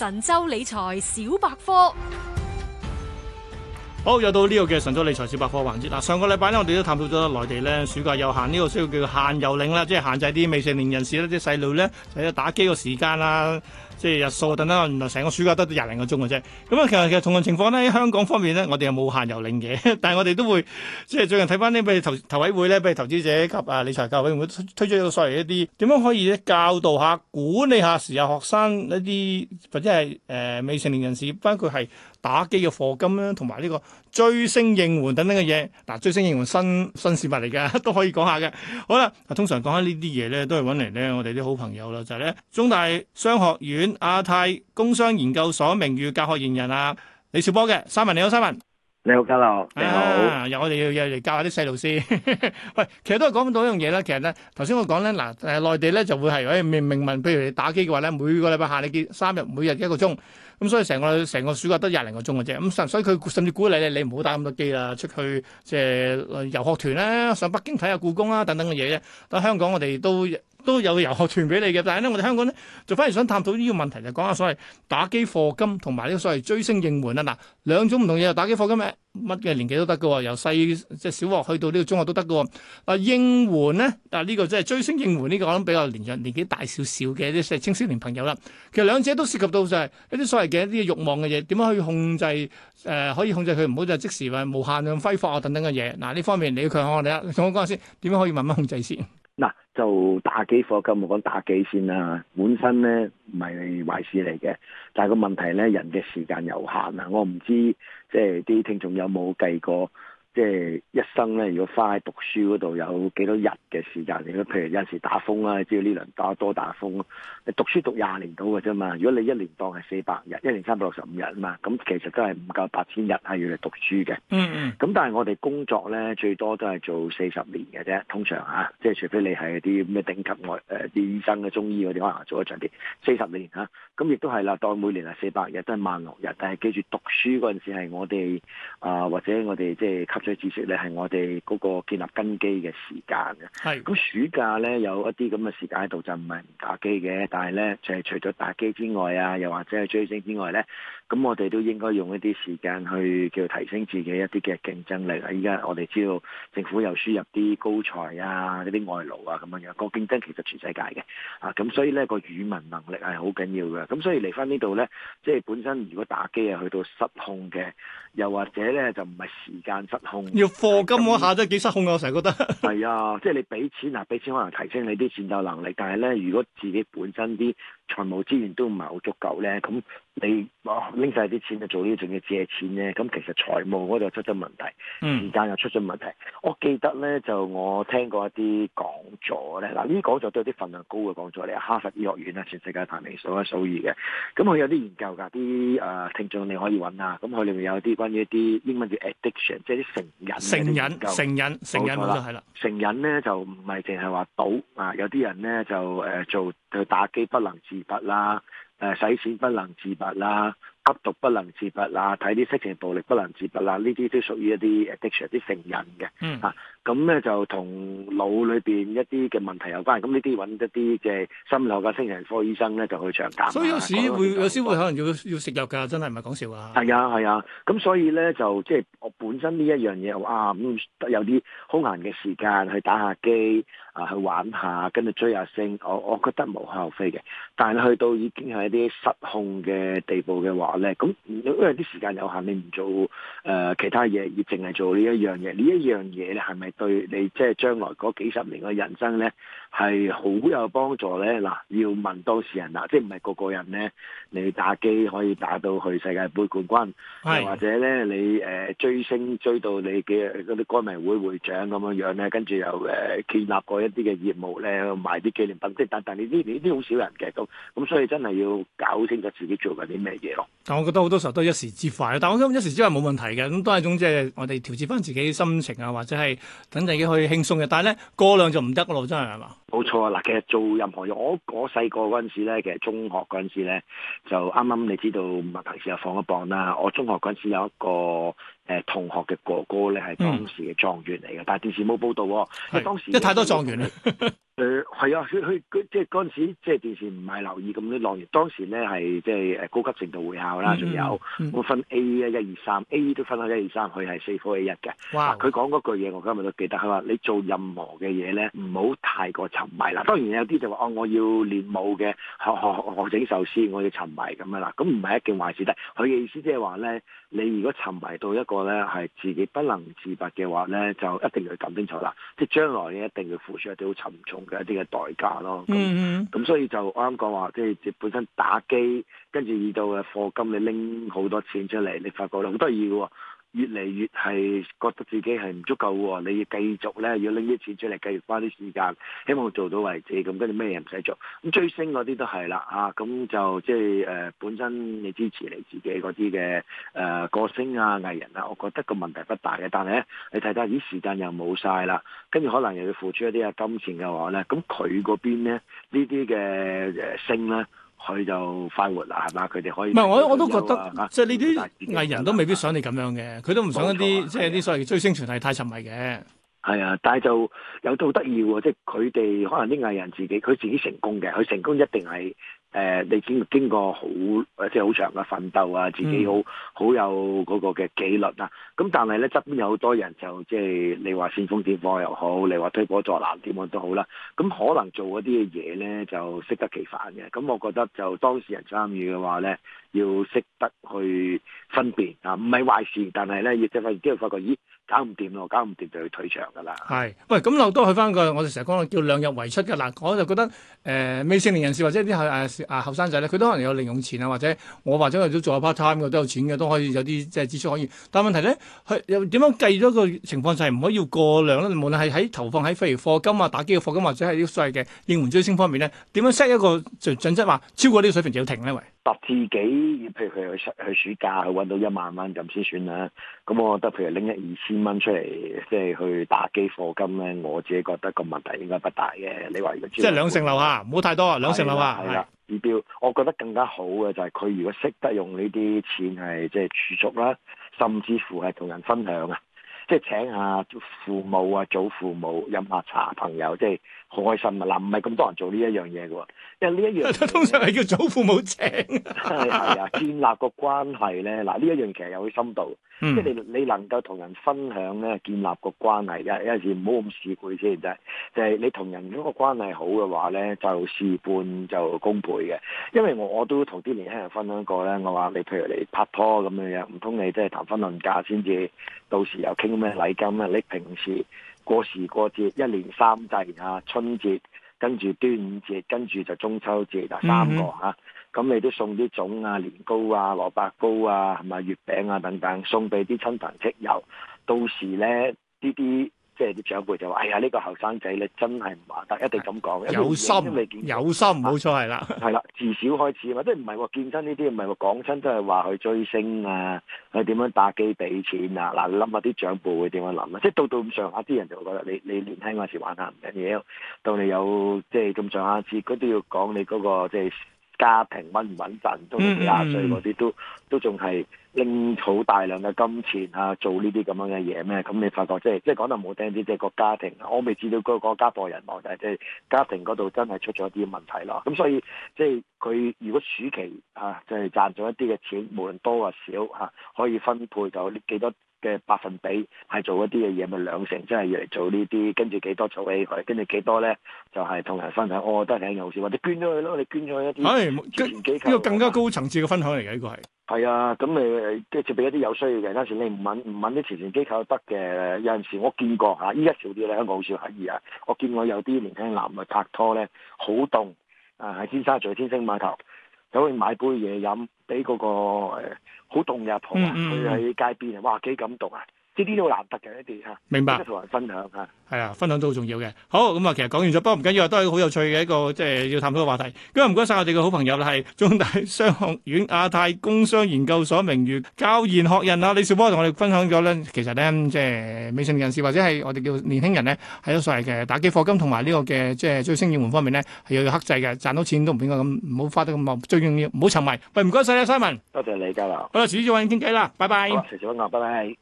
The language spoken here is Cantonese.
神州理財小百科。好，又到呢個嘅神州理財小百科嘅環節嗱，上個禮拜咧我哋都探討咗內地咧暑假遊行呢個需要叫限遊令啦，即係限制啲未成年人士咧啲細路咧喺度打機嘅時間啦，即係日數等等。原來成個暑假得廿零個鐘嘅啫。咁啊，其實其實同樣情況咧喺香港方面咧，我哋又冇限遊令嘅，但係我哋都會即係最近睇翻啲譬如投投委會咧，譬如投資者及啊理財教委，委會推出一個所謂一啲點樣可以教導下、管理下時候學生一啲或者係誒未成年人士，包括係打機嘅課金啦，同埋呢個。追星應援等等嘅嘢，嗱、啊、追星應援新新事物嚟嘅都可以講下嘅。好啦、啊，通常講緊呢啲嘢咧，都係揾嚟咧，我哋啲好朋友啦，就係、是、咧中大商學院亞太工商研究所名譽教學員人啊李兆波嘅。三文你好，三文。你好，家樂。你好，又我哋要又嚟教下啲細路先。喂，其實都係講唔到一樣嘢啦。其實咧，頭先我講咧，嗱，內地咧就會係誒明明文，譬如你打機嘅話咧，每個禮拜限你見三日，每日一個鐘。咁所以成個成個暑假得廿零個鐘嘅啫。咁所所以佢甚至鼓勵你，你唔好打咁多機啦，出去即係遊學團啦，上北京睇下故宮啦等等嘅嘢啫。但係香港我哋都。都有遊學團俾你嘅，但係咧，我哋香港咧就反而想探討呢個問題，就講下所謂打機課金同埋呢個所謂追星應援啦。嗱，兩種唔同嘢，打機課金嘅乜嘅年紀都得㗎喎，由細即係小學去到呢個中學都得㗎喎。啊，應援咧，但係呢個即係追星應援呢、這個，我諗比較年年紀大少少嘅啲細青少年朋友啦。其實兩者都涉及到就係一啲所謂嘅一啲慾望嘅嘢，點樣去控制？誒、呃，可以控制佢唔好就即時話無限量揮霍啊等等嘅嘢。嗱，呢方面你要強我哋，你同我講下先，點樣可以慢慢控制先？就打機課咁，我講打機先啦。本身咧唔係壞事嚟嘅，但係個問題咧，人嘅時間有限啊！我唔知即係啲聽眾有冇計過。即係一生咧，如果花喺讀書嗰度有幾多日嘅時間？如果譬如有陣時打風啦，知道呢輪打多打風咯。你讀書讀廿年到嘅啫嘛。如果你一年當係四百日，一年三百六十五日啊嘛，咁其實都係唔夠八千日係要嚟讀書嘅。嗯咁、mm hmm. 但係我哋工作咧最多都係做四十年嘅啫。通常嚇、啊，即、就、係、是、除非你係啲咩頂級外誒啲、呃、醫生嘅中醫嗰啲可能做得長啲，四十年嚇、啊。咁亦都係啦，當每年係四百日都係萬六日，但係記住讀書嗰陣時係我哋啊、呃、或者我哋即係最知識咧，係我哋嗰個建立根基嘅時間嘅。係咁的暑假咧，有一啲咁嘅時間喺度就唔係唔打機嘅，但係咧，即係除咗打機之外啊，又或者係追星之外咧，咁我哋都應該用一啲時間去叫提升自己一啲嘅競爭力。依家我哋知道政府又輸入啲高才啊，一啲外勞啊咁樣樣，個競爭其實全世界嘅啊，咁所以咧個語文能力係好緊要嘅。咁所以嚟返呢度咧，即係本身如果打機啊去到失控嘅，又或者咧就唔係時間失控。和要課金嗰下真係幾失控 啊！我成日覺得係啊，即係你俾錢嗱，俾錢可能提升你啲戰鬥能力，但係咧，如果自己本身啲財務資源都唔係好足夠咧，咁你拎晒啲錢就做呢啲，仲要借錢咧，咁其實財務嗰度出咗問題，時間又出咗問題。我記得咧，就我聽過一啲講座咧，嗱呢啲講座都有啲份量高嘅講座嚟，哈佛醫學院啊，全世界排名數一數二嘅。咁佢有啲研究㗎，啲誒聽眾你可以揾啊，咁佢裏面有啲關於一啲英文叫 addiction，即係啲成，成癮。成癮，成癮，冇錯成癮，啦，係啦，成癮咧就唔係淨係話賭啊，有啲人咧就誒、呃、做。就打機不能自拔啦，誒洗錢不能自拔啦，吸毒不能自拔啦，睇啲色情暴力不能自拔啦，呢啲都屬於一啲 addiction，啲成癮嘅，嗯啊。咁咧就同腦裏邊一啲嘅問題有關，咁呢啲搵一啲嘅心流嘅精神科醫生咧，就去詳假。所以有時會有時會可能要要食藥噶，真係唔係講笑啊！係啊係啊，咁所以咧就即係我本身呢一樣嘢啊，咁有啲空閒嘅時間去打下機啊，去玩下，跟住追下星，我我覺得無可厚非嘅。但係去到已經係一啲失控嘅地步嘅話咧，咁因為啲時間有限，你唔做誒、呃、其他嘢，而淨係做呢一樣嘢，呢一樣嘢咧係咪？對你即係將來嗰幾十年嘅人生咧。係好有幫助咧，嗱，要問當事人啦，即係唔係個個人咧，你打機可以打到去世界杯冠軍，是或者咧，你誒追星追到你嘅嗰啲歌迷會會長咁樣樣咧，跟住又誒建立過一啲嘅業務咧，賣啲紀念品，即係但但你呢呢啲好少人嘅，咁咁所以真係要搞清楚自己做緊啲咩嘢咯。但我覺得好多時候都一時之快，但我諗一時之快冇問題嘅，咁都係總之即係我哋調節翻自己心情啊，或者係等自己去輕鬆嘅，但係咧過量就唔得咯，真係係嘛？冇錯啊！嗱，其實做任何嘢，我我細個嗰陣時咧，其實中學嗰陣時咧，就啱啱你知道平時又放一榜啦。我中學嗰陣時有一個。誒，同學嘅哥哥咧，係當時嘅狀元嚟嘅，但係電視冇報道。係是當時，即係太多狀元啦。誒、 呃，係啊，佢佢即係嗰陣時，即係電視唔係留意咁啲狀元。當時咧係即係誒高級程度會考啦，仲有，嗯嗯、我分 A 啊一二三，A 都分開一二三，佢係四科 A 一嘅。哇！佢講嗰句嘢，我今日都記得。佢話你做任何嘅嘢咧，唔好太過沉迷啦。當然有啲就話哦，我要練武嘅，學學學學整壽司，我要沉迷咁樣啦。咁唔係一件壞事得。佢嘅意思即係話咧，你如果沉迷到一個。咧係自己不能自拔嘅話咧，就一定要搞清楚啦。即係將來咧，你一定要付出一啲好沉重嘅一啲嘅代價咯。咁咁、mm hmm. 所以就啱啱講話，即係本身打機，跟住遇到嘅課金，你拎好多錢出嚟，你發覺好得意嘅。越嚟越係覺得自己係唔足夠喎，你要繼續咧要拎啲錢出嚟，繼續花啲時間，希望做到為止。咁跟住咩嘢唔使做？咁追星嗰啲都係啦，啊，咁就即係誒本身你支持你自己嗰啲嘅誒歌星啊、藝人啊，我覺得個問題不大嘅。但係咧，你睇睇啲時間又冇晒啦，跟住可能又要付出一啲啊金錢嘅話咧，咁佢嗰邊咧呢啲嘅誒星咧？佢就快活啦，係嘛？佢哋可以。唔係，我我都覺得，啊、即係呢啲藝人都未必想你咁樣嘅，佢都唔想一啲，啊、即係啲所謂追星團體太沉迷嘅。係啊，但係就有好得意喎，即係佢哋可能啲藝人自己，佢自己成功嘅，佢成功一定係。誒、呃，你經經過好，即係好長嘅奮鬥啊，自己好好有嗰個嘅紀律啊。咁但係咧側邊有好多人就即係你話煽風點火又好，你話推波助瀾點樣都好啦。咁、啊、可能做嗰啲嘢咧就適得其反嘅。咁、啊、我覺得就當事人參與嘅話咧，要識得去分辨啊，唔係壞事，但係咧要即係發現之後發覺，咦？搞唔掂咯，搞唔掂就去退場噶啦。係，喂，咁又都去翻個，我哋成日講叫量入為出嘅嗱。我就覺得誒，未成年人士或者啲後誒啊後生仔咧，佢都可能有零用錢啊，或者我或者都做下 part time 嘅都有錢嘅，都可以有啲即係支出可以。但問題咧，佢又點樣計咗個情況就係唔可以要過量啦。無論係喺投放喺譬如課金啊、打機嘅課金或者係啲所謂嘅應援追星方面咧，點樣 set 一個準準則話超過呢個水平就要停咧？喂，達自己，譬如佢去去暑假去揾到一萬蚊咁先算啦。咁我覺得譬如拎一二千。蚊出嚟，即係去打機課金咧，我自己覺得個問題應該不大嘅。你話如果即係兩成樓啊，唔好太多啊，兩成樓啊。係啦，指標，的我覺得更加好嘅就係佢如果識得用呢啲錢係即係儲蓄啦，甚至乎係同人分享啊。即係請下父母啊、祖父母飲下茶，朋友即係好開心啊！嗱，唔係咁多人做呢一樣嘢嘅，因為呢一樣通常係叫祖父母請。係 啊，建立個關係咧，嗱呢一樣其實有啲深度，即係、嗯、你你能夠同人分享咧，建立個關係。有、啊、有時唔好咁事攰先，真、啊、係。就係、係、你同人嗰個關係好嘅話咧，就事半就功倍嘅。因為我我都同啲年輕人分享過咧，我話你譬如你拍拖咁樣樣，唔通你即係談婚論嫁先至到時又傾。咩禮金啊？你平時過時過節，一年三祭啊，春節跟住端午節，跟住就中秋節，就三個嚇。咁你都送啲粽啊、年糕啊、蘿蔔糕啊、係咪月餅啊等等，送俾啲親朋戚友。到時咧，呢啲。即係啲長輩就話，哎呀，呢、這個後生仔咧真係唔玩得，一定咁講，有心未見，有心冇錯係啦，係啦， 至少開始啊嘛，即係唔係話健身呢啲唔係話講親都係話去追星啊，去點樣打機俾錢啊，嗱，你諗下啲長輩會點樣諗啊。即係到到咁上下，啲人就會覺得你你年輕嗰時玩下、啊、唔緊要，到你有即係咁上下節，佢、就是、都要講你嗰、那個即係、就是、家庭穩唔穩陣，都幾廿歲嗰啲、嗯嗯、都都仲係。拎好大量嘅金錢啊，做呢啲咁樣嘅嘢咩？咁、嗯、你發覺即係即係講得唔好聽啲，即係個家庭，我未知道個個家破人亡，但係即係家庭嗰度真係出咗啲問題咯。咁、嗯、所以即係佢如果暑期嚇即係賺咗一啲嘅錢，無論多或少嚇、啊，可以分配到幾多。嘅百分比係做一啲嘅嘢，咪、就是、兩成，即係要嚟做呢啲，跟住幾多儲起佢，跟住幾多咧就係、是、同人分享。我覺得係有件好事，或者捐咗佢咯，你捐咗一啲，係慈善機構、哎這個這個更加高層次嘅分享嚟嘅，呢、這個係。係啊，咁你，即係俾一啲有需要嘅，有時你唔揾唔揾啲慈善機構得嘅，有陣時我見過嚇，依家少啲香港好少乞兒啊，我見過有啲年輕男咪拍拖咧，好凍啊，喺尖沙咀天星碼頭。走去買杯嘢飲，俾嗰個、呃、好凍嘅阿婆，佢喺街邊啊，哇幾感動啊！呢啲都難得嘅一啲啊！明白，同人分享啊，係啊，分享都好重要嘅。好，咁啊，其實講完咗，不過唔緊要都係好有趣嘅一個，即係要探討嘅話題。咁啊，唔該晒我哋嘅好朋友啦，係中大商學院亞太工商研究所名譽教研學人啊，李少波同我哋分享咗咧，其實咧、就是，即係未成人士或者係我哋叫年輕人咧，喺嗰所謂嘅打機課金同埋呢個嘅即係追星應援方面咧，係要有剋制嘅。賺到錢都唔應該咁，唔好花得咁，最重要，唔好沉迷。喂，唔該曬啊，o n 多謝你交流。好啦，遲啲再揾你傾偈啦，拜拜。好，拜拜。